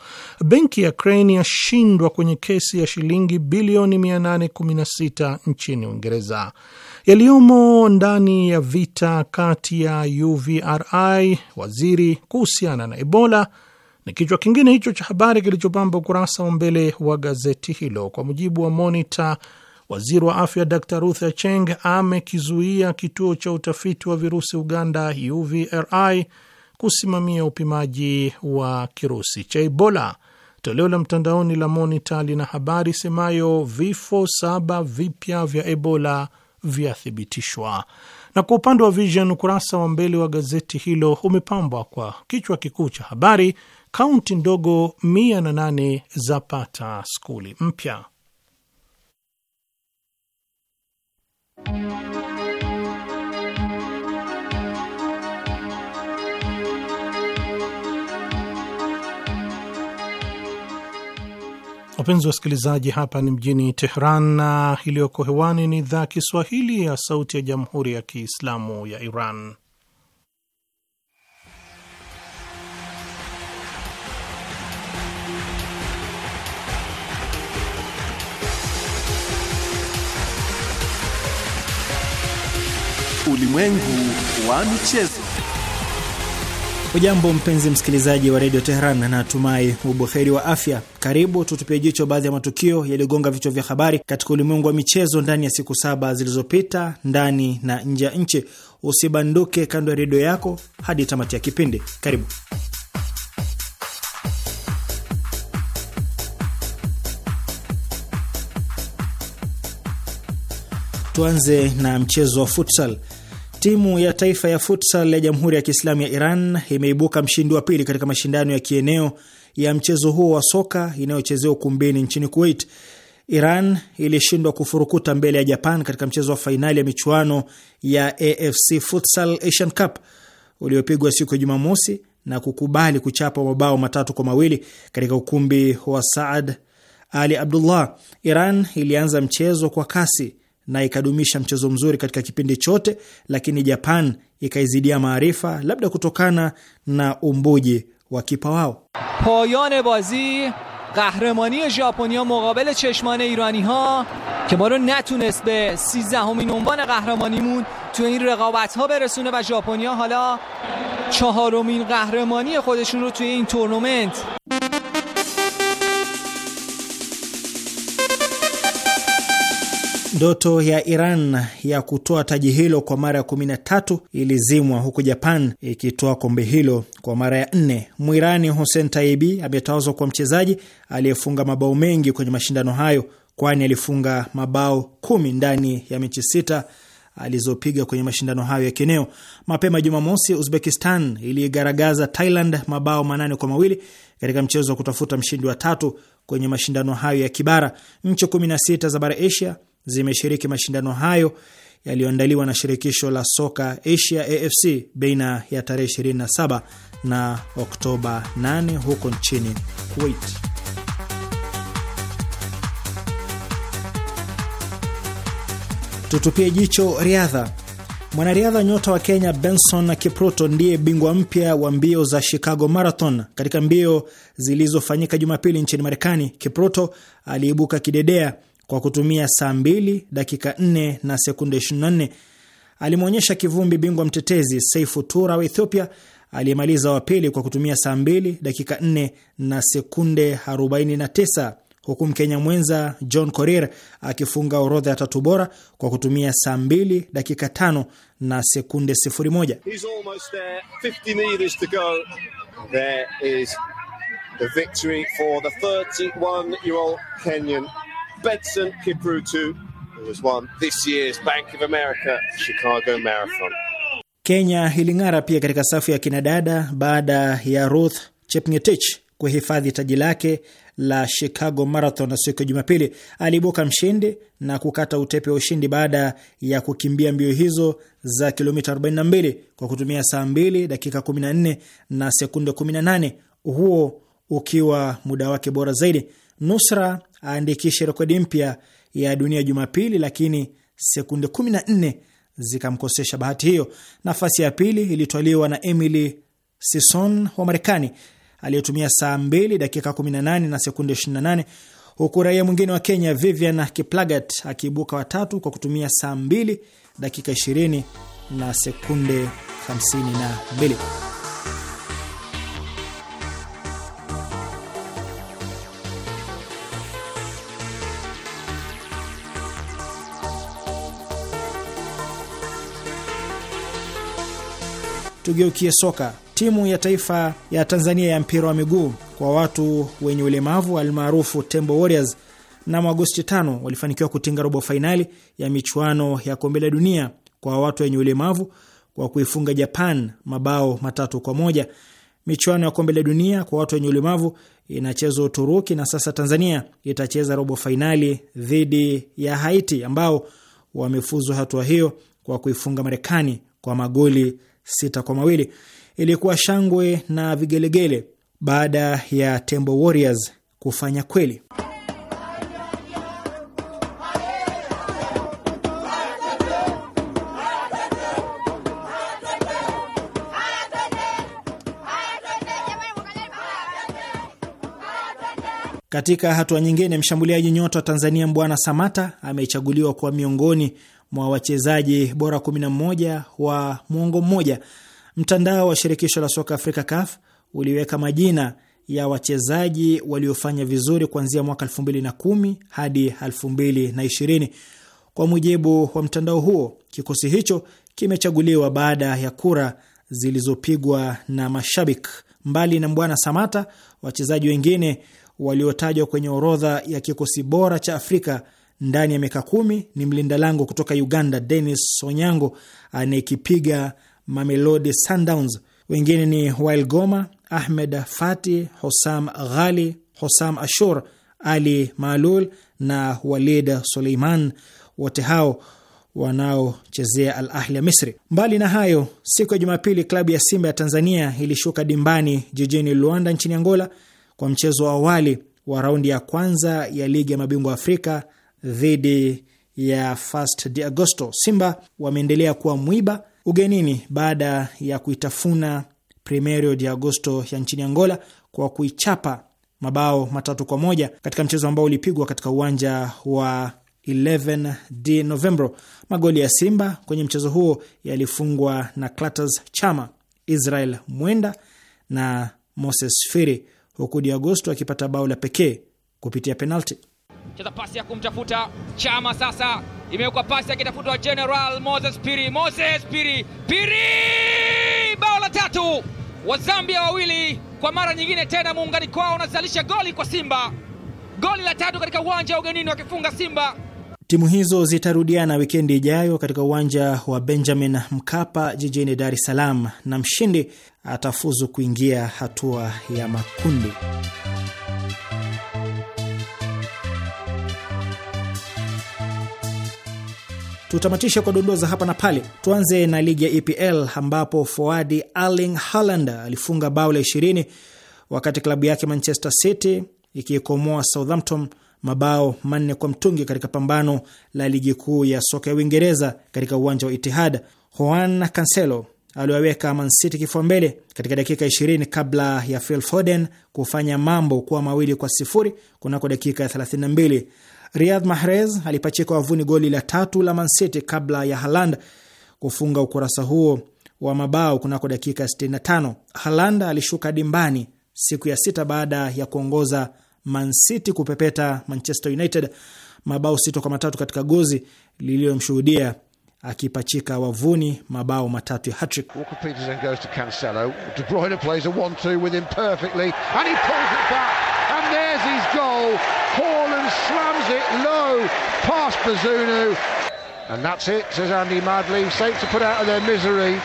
benki ya Crane yashindwa kwenye kesi ya shilingi bilioni 816 nchini Uingereza. Yaliyomo ndani ya vita kati ya UVRI waziri kuhusiana na Ebola ni kichwa kingine hicho cha habari kilichopamba ukurasa wa mbele wa gazeti hilo. Kwa mujibu wa Monitor, Waziri wa afya Dr Ruth Acheng amekizuia kituo cha utafiti wa virusi Uganda, UVRI, kusimamia upimaji wa kirusi cha Ebola. Toleo la mtandaoni la Monita lina habari semayo vifo saba vipya vya Ebola vyathibitishwa. Na kwa upande wa Vision, ukurasa wa mbele wa gazeti hilo umepambwa kwa kichwa kikuu cha habari, kaunti ndogo 108 zapata skuli mpya. Wapenzi wasikilizaji, hapa ni mjini Tehran na iliyoko hewani ni idhaa Kiswahili ya Sauti ya Jamhuri ya Kiislamu ya Iran. Ulimwengu wa michezo. Ujambo mpenzi msikilizaji wa redio Teheran, natumai ubuheri wa afya. Karibu tutupie jicho baadhi ya matukio yaliyogonga vichwa vya habari katika ulimwengu wa michezo ndani ya siku saba zilizopita, ndani na nje ya nchi. Usibanduke kando ya redio yako hadi tamati ya kipindi. Karibu. Tuanze na mchezo wa futsal. Timu ya taifa ya futsal ya Jamhuri ya Kiislamu ya Iran imeibuka mshindi wa pili katika mashindano ya kieneo ya mchezo huo wa soka inayochezea ukumbini nchini Kuwait. Iran ilishindwa kufurukuta mbele ya Japan katika mchezo wa fainali ya michuano ya AFC Futsal Asian Cup uliopigwa siku ya Jumamosi na kukubali kuchapa mabao matatu kwa mawili katika ukumbi wa Saad Ali Abdullah. Iran ilianza mchezo kwa kasi پایان بازی mchezo mzuri katika چوت قهرمانی ژاپنیا مقابل چشمان ایرانی ها که ما رو نتونست به سیزدهمین همین قهرمانی مون توی این رقابت ها برسونه و ژاپنیا حالا چهارمین قهرمانی خودشون رو توی این تورنمنت Ndoto ya Iran ya kutoa taji hilo kwa mara ya tatu ilizimwa huku Japan ikitoa kombe hilo kwa mara ya nne. Mwirani Hussein Taibi ametawazwa kwa mchezaji aliyefunga mabao mengi kwenye mashindano hayo, kwani alifunga mabao kumi ndani ya mechi sita alizopiga kwenye mashindano hayo ya kieneo. Mapema Jumamosi, Uzbekistan iliigaragaza Thailand mabao manane kwa mawili katika mchezo wa kutafuta mshindi wa tatu kwenye mashindano hayo ya kibara. Nchi 16 za bara Asia zimeshiriki mashindano hayo yaliyoandaliwa na shirikisho la soka Asia AFC baina ya tarehe 27 na Oktoba 8 huko nchini Kuwait. Tutupie jicho riadha. Mwanariadha nyota wa Kenya Benson na Kipruto ndiye bingwa mpya wa mbio za Chicago Marathon. Katika mbio zilizofanyika Jumapili nchini Marekani, Kipruto aliibuka kidedea kwa kutumia saa 2 dakika 4 na sekunde 24 alimwonyesha kivumbi bingwa mtetezi Saifu Tura wa Ethiopia aliyemaliza wa pili kwa kutumia saa 2 dakika 4 na sekunde 49 huku Mkenya mwenza John Korir akifunga orodha ya tatu bora kwa kutumia saa 2 dakika 5 na sekunde 01. the victory for the 31-year-old Kenyan Benson Kiprutu, who has won this year's Bank of America Chicago Marathon. Kenya iling'ara pia katika safu ya kinadada baada ya Ruth Chepngetich kuhifadhi taji lake la Chicago Marathon na siku ya Jumapili aliibuka mshindi na kukata utepe wa ushindi baada ya kukimbia mbio hizo za kilomita 42 kwa kutumia saa 2 dakika 14 na sekunde 18, huo ukiwa muda wake bora zaidi. Nusra aandikishe rekodi mpya ya dunia Jumapili, lakini sekunde 14 zikamkosesha bahati hiyo. Nafasi ya pili ilitwaliwa na Emily Sison wa Marekani aliyetumia saa 2 dakika 18 na sekunde 28 huku raia mwingine wa Kenya Vivian Kiplagat akiibuka watatu kwa kutumia saa 2 dakika 20 na sekunde 52. Tugeukie soka. Timu ya taifa ya Tanzania ya mpira wa miguu kwa watu wenye ulemavu almaarufu Tembo Warriors mnamo Agosti 5 walifanikiwa kutinga robo fainali ya michuano ya kombe la dunia kwa watu wenye ulemavu kwa kuifunga Japan mabao matatu kwa moja. Michuano ya kombe la dunia kwa watu wenye ulemavu inachezwa Uturuki, na sasa Tanzania itacheza robo fainali dhidi ya Haiti ambao wamefuzwa hatua hiyo kwa kuifunga Marekani kwa magoli sita kwa mawili. Ilikuwa shangwe na vigelegele baada ya Tembo Warriors kufanya kweli. Katika hatua nyingine, mshambuliaji nyota wa Tanzania Mbwana Samata amechaguliwa kuwa miongoni mwa wachezaji bora 11 wa mwongo mmoja. Mtandao wa shirikisho la soka Afrika CAF uliweka majina ya wachezaji waliofanya vizuri kuanzia mwaka 2010 hadi 2020. Kwa mujibu wa mtandao huo, kikosi hicho kimechaguliwa baada ya kura zilizopigwa na mashabiki. Mbali na Mbwana Samata, wachezaji wengine waliotajwa kwenye orodha ya kikosi bora cha Afrika ndani ya miaka kumi ni mlinda lango kutoka Uganda, Dennis Onyango anayekipiga Mamelodi Sundowns. Wengine ni Wail Goma, Ahmed Fati, Hosam Ghali, Hosam Ashur, Ali Malul na Walid Suleiman, wote hao wanaochezea Al Ahli ya Misri. Mbali na hayo, siku ya Jumapili klabu ya Simba ya Tanzania ilishuka dimbani jijini Luanda nchini Angola kwa mchezo wa awali wa raundi ya kwanza ya ligi ya mabingwa Afrika dhidi ya First de Agosto. Simba wameendelea kuwa mwiba ugenini baada ya kuitafuna Primero de Agosto ya nchini Angola kwa kuichapa mabao matatu kwa moja katika mchezo ambao ulipigwa katika uwanja wa 11 de Novembro. Magoli ya Simba kwenye mchezo huo yalifungwa na Clatous Chama, Israel Mwenda na Moses Firi, huku de Agosto akipata bao la pekee kupitia penalti cheza pasi ya kumtafuta Chama. Sasa imewekwa pasi akitafutwa General Moses Piri, Moses Piri, Piri! Bao la tatu, wa zambia wawili kwa mara nyingine tena muungani kwao unazalisha goli kwa Simba, goli la tatu katika uwanja wa ugenini wakifunga Simba. Timu hizo zitarudiana wikendi ijayo katika uwanja wa Benjamin Mkapa jijini Dar es Salaam, na mshindi atafuzu kuingia hatua ya makundi. Tutamatisha kwa dodoza hapa na pale. Tuanze na ligi ya EPL ambapo foadi Erling Haaland alifunga bao la 20 wakati klabu yake Manchester City ikiikomoa Southampton mabao manne kwa mtungi katika pambano la ligi kuu ya soka ya Uingereza katika uwanja wa Itihad. Juan Cancelo aliwaweka Man City kifua mbele katika dakika 20 kabla ya Phil Foden kufanya mambo kuwa mawili kwa sifuri kunako dakika ya 32. Riyad Mahrez alipachika wavuni goli la tatu la Mancity kabla ya Haland kufunga ukurasa huo wa mabao kunako dakika 65. Haland alishuka dimbani siku ya sita baada ya kuongoza Mancity kupepeta Manchester United mabao sita kwa matatu katika gozi lililomshuhudia akipachika wavuni mabao matatu ya and slams it low past Bazunu. And that's it, says Andy Madley. Saints are put out of their misery.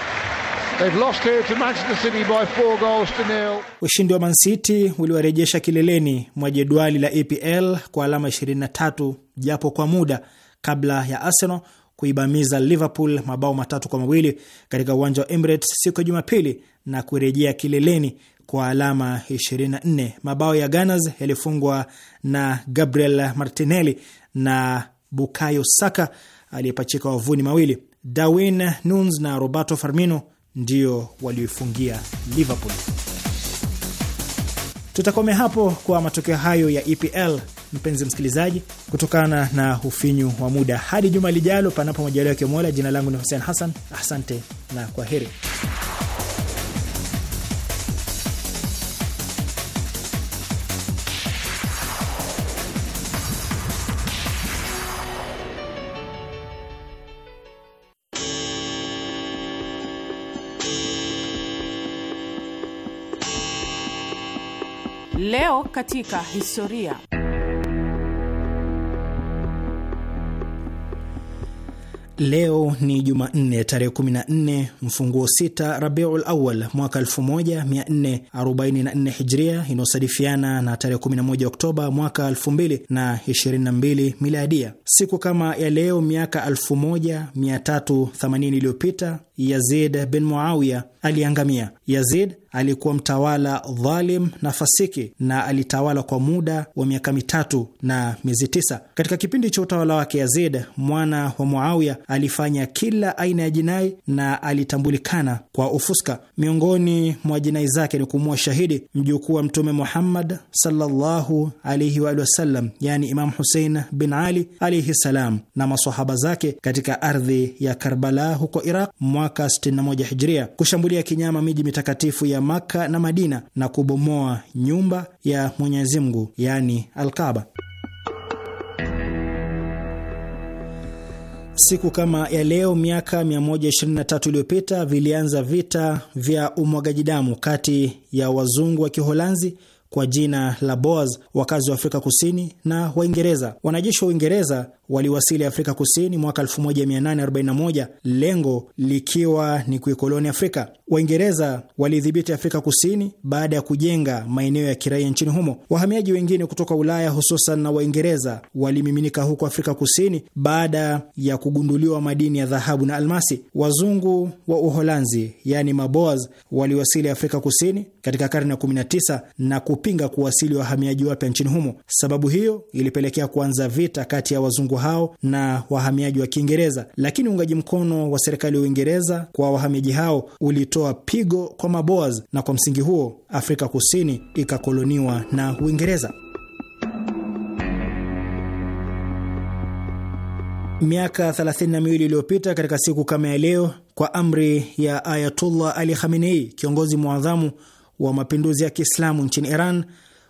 They've lost here to Manchester City by four goals to nil. Ushindi wa Man City uliwarejesha kileleni mwa jedwali la EPL kwa alama 23 japo kwa muda kabla ya Arsenal kuibamiza Liverpool mabao matatu kwa mawili katika uwanja wa Emirates siku ya Jumapili na kurejea kileleni kwa alama 24. Mabao ya Gunners yalifungwa na Gabriel Martinelli na Bukayo Saka aliyepachika wavuni mawili. Darwin Nunes na Roberto Firmino ndio walioifungia Liverpool. Tutakomea hapo kwa matokeo hayo ya EPL, mpenzi msikilizaji, kutokana na ufinyu wa muda. Hadi juma lijalo, panapo majaliwa ya Mola. Jina langu ni Hussein Hassan, asante na kwa heri. Leo katika historia. Leo ni Jumanne tarehe 14 mfunguo 6 Rabiul Awal mwaka 1444 Hijria, inayosadifiana na tarehe 11 Oktoba mwaka 2022 Miladia. Siku kama ya leo miaka 1380 iliyopita Yazid bin Muawiya aliangamia. Yazid alikuwa mtawala dhalim na fasiki na alitawala kwa muda wa miaka mitatu na miezi tisa. Katika kipindi cha utawala wake, Yazid mwana wa Muawiya alifanya kila aina ya jinai na alitambulikana kwa ufuska. Miongoni mwa jinai zake ni kumua shahidi mjukuu wa Mtume Muhammad sallallahu alaihi yani Imam Husein bin Ali alaihi salam na masahaba zake katika ardhi ya Karbala huko Iraq mwaka 61 Hijria, kushambulia kinyama miji mitakatifu ya Makka na Madina na kubomoa nyumba ya Mwenyezi Mungu, yaani Alkaba. Siku kama ya leo miaka 123 iliyopita vilianza vita vya umwagaji damu kati ya wazungu wa Kiholanzi kwa jina la Boers, wakazi wa Afrika Kusini na Waingereza. Wanajeshi wa Uingereza waliwasili Afrika Kusini mwaka 1841, lengo likiwa ni kuikoloni Afrika. Waingereza walidhibiti Afrika Kusini baada ya kujenga maeneo ya kiraia nchini humo. Wahamiaji wengine kutoka Ulaya, hususan na Waingereza, walimiminika huko Afrika Kusini baada ya kugunduliwa madini ya dhahabu na almasi. Wazungu wa Uholanzi, yani Maboers, waliwasili Afrika Kusini katika karne ya 19 na kupinga kuwasili wahamiaji wapya nchini humo. Sababu hiyo ilipelekea kuanza vita kati ya wazungu hao na wahamiaji wa Kiingereza, lakini uungaji mkono wa serikali ya Uingereza kwa wahamiaji hao ulitoa pigo kwa Maboas, na kwa msingi huo Afrika Kusini ikakoloniwa na Uingereza. Miaka 32 iliyopita katika siku kama ya leo, kwa amri ya Ayatullah Ali Khamenei, kiongozi mwadhamu wa mapinduzi ya Kiislamu nchini Iran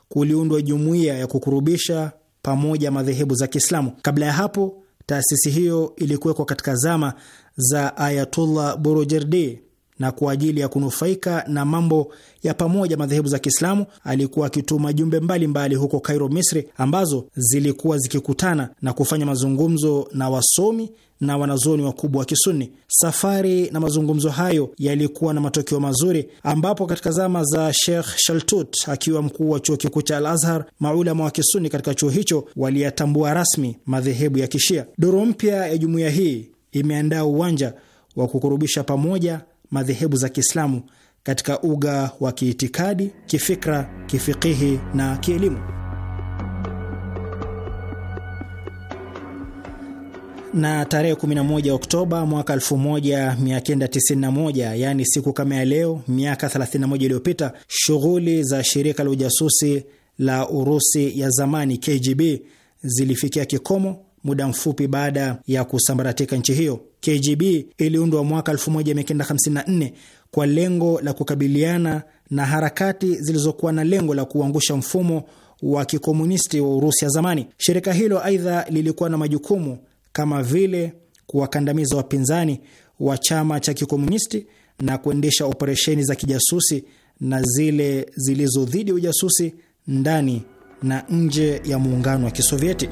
kuliundwa jumuiya ya kukurubisha pamoja madhehebu za Kiislamu. Kabla ya hapo, taasisi hiyo ilikuwekwa katika zama za Ayatullah Borojerdi na kwa ajili ya kunufaika na mambo ya pamoja madhehebu za Kiislamu, alikuwa akituma jumbe mbalimbali huko Kairo, Misri, ambazo zilikuwa zikikutana na kufanya mazungumzo na wasomi na wanazuoni wakubwa wa Kisuni. Safari na mazungumzo hayo yalikuwa na matokeo mazuri, ambapo katika zama za Sheikh Shaltut akiwa mkuu wa chuo kikuu cha Al Azhar, maulama wa Kisuni katika chuo hicho waliyatambua rasmi madhehebu ya Kishia. Duru mpya ya jumuiya hii imeandaa uwanja wa kukurubisha pamoja madhehebu za Kiislamu katika uga wa kiitikadi, kifikra, kifikihi na kielimu. Na tarehe 11 Oktoba mwaka 1991, yaani siku kama ya leo miaka 31 iliyopita, shughuli za shirika la ujasusi la Urusi ya zamani KGB zilifikia kikomo muda mfupi baada ya kusambaratika nchi hiyo. KGB iliundwa mwaka 1954 kwa lengo la kukabiliana na harakati zilizokuwa na lengo la kuangusha mfumo wa kikomunisti wa Urusi ya zamani. Shirika hilo aidha lilikuwa na majukumu kama vile kuwakandamiza wapinzani wa chama cha kikomunisti na kuendesha operesheni za kijasusi na zile zilizo dhidi ya ujasusi ndani na nje ya muungano wa Kisovieti.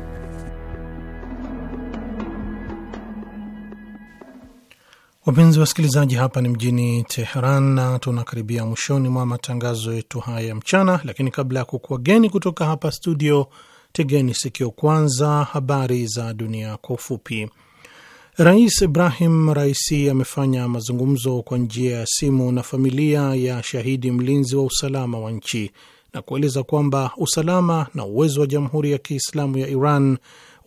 Wapenzi wasikilizaji, hapa ni mjini Teheran na tunakaribia mwishoni mwa matangazo yetu haya ya mchana, lakini kabla ya geni kutoka hapa studio, tegeni sikio kwanza habari za dunia kwa ufupi. Rais Ibrahim Raisi amefanya mazungumzo kwa njia ya simu na familia ya shahidi mlinzi wa usalama wa nchi na kueleza kwamba usalama na uwezo wa Jamhuri ya Kiislamu ya Iran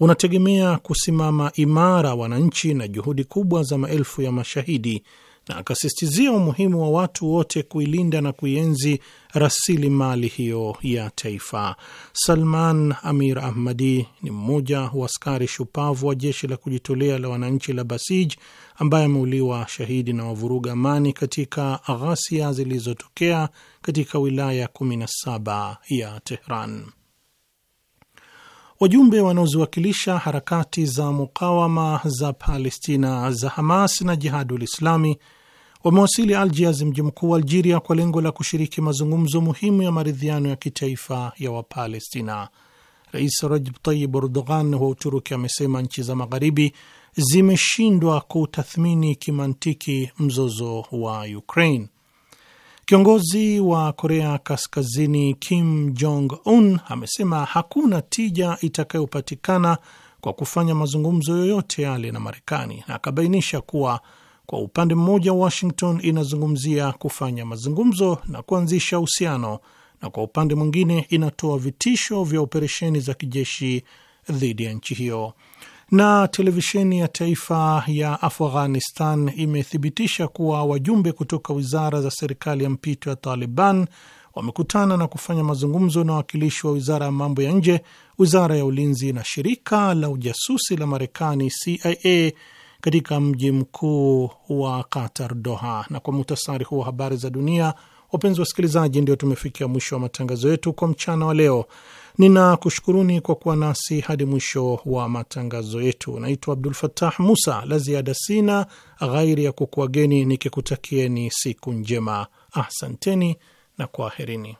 unategemea kusimama imara wananchi na juhudi kubwa za maelfu ya mashahidi, na akasisitizia umuhimu wa watu wote kuilinda na kuienzi rasilimali hiyo ya taifa. Salman Amir Ahmadi ni mmoja wa askari shupavu wa jeshi la kujitolea la wananchi la Basij ambaye ameuliwa shahidi na wavuruga amani katika ghasia zilizotokea katika wilaya 17 ya Tehran wajumbe wanaoziwakilisha harakati za mukawama za Palestina za Hamas na Jihadul Islami wamewasili Algiers, mji mkuu wa Algeria, kwa lengo la kushiriki mazungumzo muhimu ya maridhiano ya kitaifa ya Wapalestina. Rais Rajab Tayyib Erdogan wa Uturuki amesema nchi za Magharibi zimeshindwa kutathmini kimantiki mzozo wa Ukraine. Kiongozi wa Korea Kaskazini Kim Jong Un amesema hakuna tija itakayopatikana kwa kufanya mazungumzo yoyote yale na Marekani, na akabainisha kuwa kwa upande mmoja Washington inazungumzia kufanya mazungumzo na kuanzisha uhusiano, na kwa upande mwingine inatoa vitisho vya operesheni za kijeshi dhidi ya nchi hiyo. Na televisheni ya taifa ya Afghanistan imethibitisha kuwa wajumbe kutoka wizara za serikali ya mpito ya Taliban wamekutana na kufanya mazungumzo na wawakilishi wa wizara ya mambo ya nje, wizara ya ulinzi na shirika la ujasusi la Marekani CIA katika mji mkuu wa Qatar, Doha. Na kwa muhtasari huu wa habari za dunia, wapenzi wasikilizaji, ndio tumefikia mwisho wa matangazo yetu kwa mchana wa leo. Ninakushukuruni kwa kuwa nasi hadi mwisho wa matangazo yetu. Naitwa Abdul Fattah Musa. La ziada sina ghairi ya kukuageni nikikutakieni siku njema. asanteni na kwaherini.